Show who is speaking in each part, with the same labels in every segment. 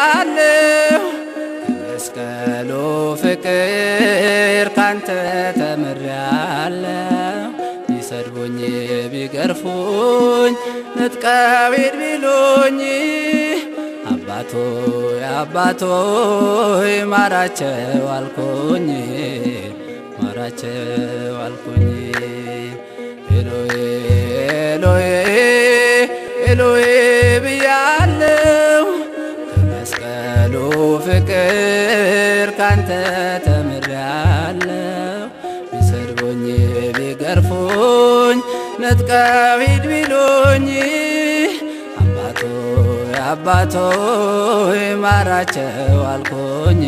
Speaker 1: አምኛለሁ መስቀሉ ፍቅር ካንተ ተምሬያለሁ። ቢሰድቡኝ ቢገርፉኝ ንጥቀዊድ ቢሉኝ አባቶይ አባቶይ ማራቸው አልኩኝ ማራቸው አልኩኝ ፍቅር ካንተ ተምሬያለሁ። ቢሰድቦኝ ቢገርፉኝ ነጥቀው ሂድ ቢሉኝ አባቶ አባቶ ማራቸው አልኩኝ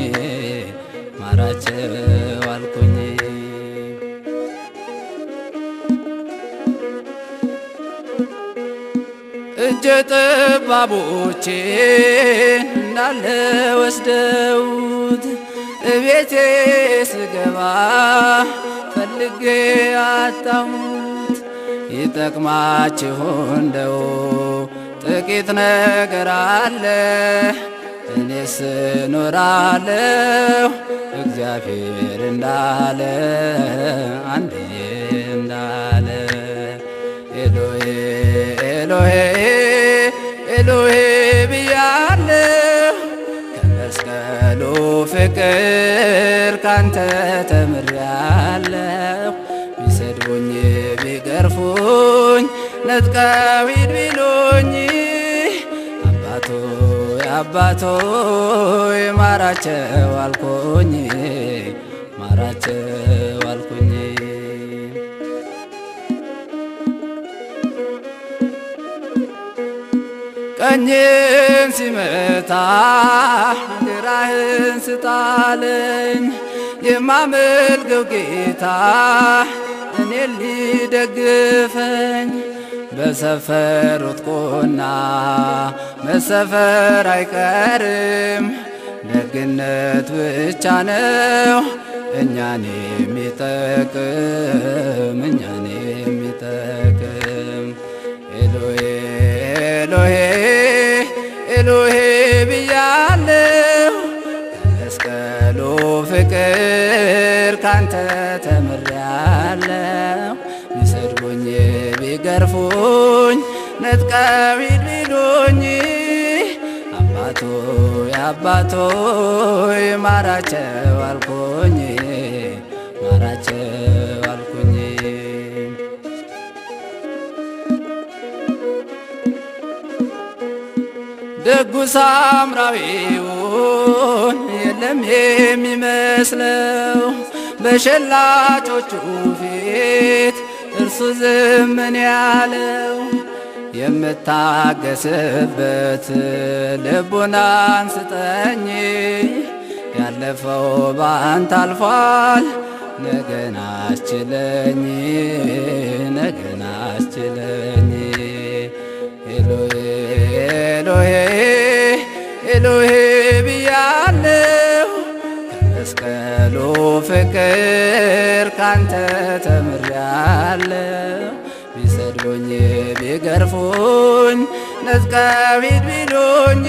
Speaker 1: ማራቸው እጀ ጠባቦቼ እንዳለ ወስደውት እቤቴ ስገባ ፈልጌ አጣሁት። ይጠቅማችሁ እንደው ጥቂት ነገር አለ እኔስ ኖራለሁ እግዚአብሔር እንዳለ አንድዬ እንዳለ ኤሎዬ ኤሎሄ ኤሎሄ ብያለሁ ከመስቀሉ ፍቅር ካንተ ተምሬያለሁ። ቢሰድቡኝ ቢገርፉኝ ነጥቀው ቢሉኝ አባቶ አባቶ ማራቸው አልኩኝ ማራቸው ቀኝን ሲመታ ግራህን ስጣለኝ የማመልገው ጌታ እኔ ሊደግፈኝ በሰፈር ውጥቆና መሰፈር አይቀርም ደግነት ብቻ ነው እኛን የሚጠቅም እኛን የሚጠቅም ኤሎሄ ኤሎሄ ሲገርፉኝ ነጥቀው ሊሉኝ አባቶ አባቶ ማራቸው አልኩኝ ማራቸው አልኩኝ ደጉ ሳምራዊውን የለም የሚመስለው በሸላቾቹ ፊት ኢየሱስ ምን ያለው የምታገስበት ልቡና አንስጠኝ ያለፈው ባንተ አልፏል። ነገን አስችለኝ፣ ነገን አስችለኝ ኤሎሄ ኤሎሄ ኤሎሄ ፍቅር ካንተ ተምሬያለሁ። ቢሰድቡኝ ቢገርፉኝ ነዝቀቢት ቢሉኝ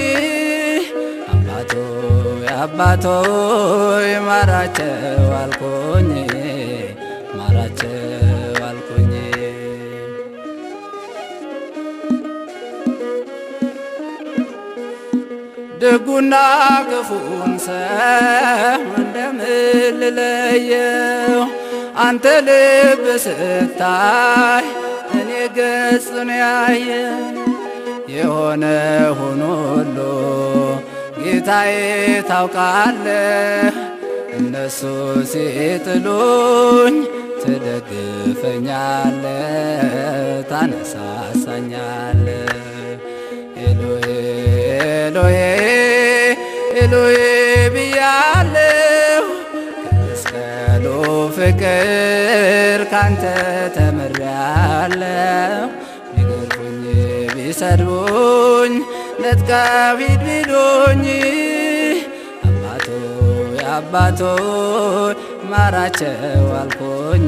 Speaker 1: አባቶ አባቶ ማራቸው አልኩኝ ማራቸው ደጉና ክፉን ሰው እንደምን ልለየው አንተ ልብ ስታይ እኔ ገጹን ያየን የሆነ ሆኖሎ ጌታዬ ታውቃለህ እነሱ ሲጥሉኝ ትደግፈኛለህ ታነሳ ፍቅር ካንተ ተምሬያለሁ። ቢገርፉኝ ቢሰድቡኝ ነጥቃቢ ቢሉኝ አባቶ አባቶ ማራቸው አልኮኝ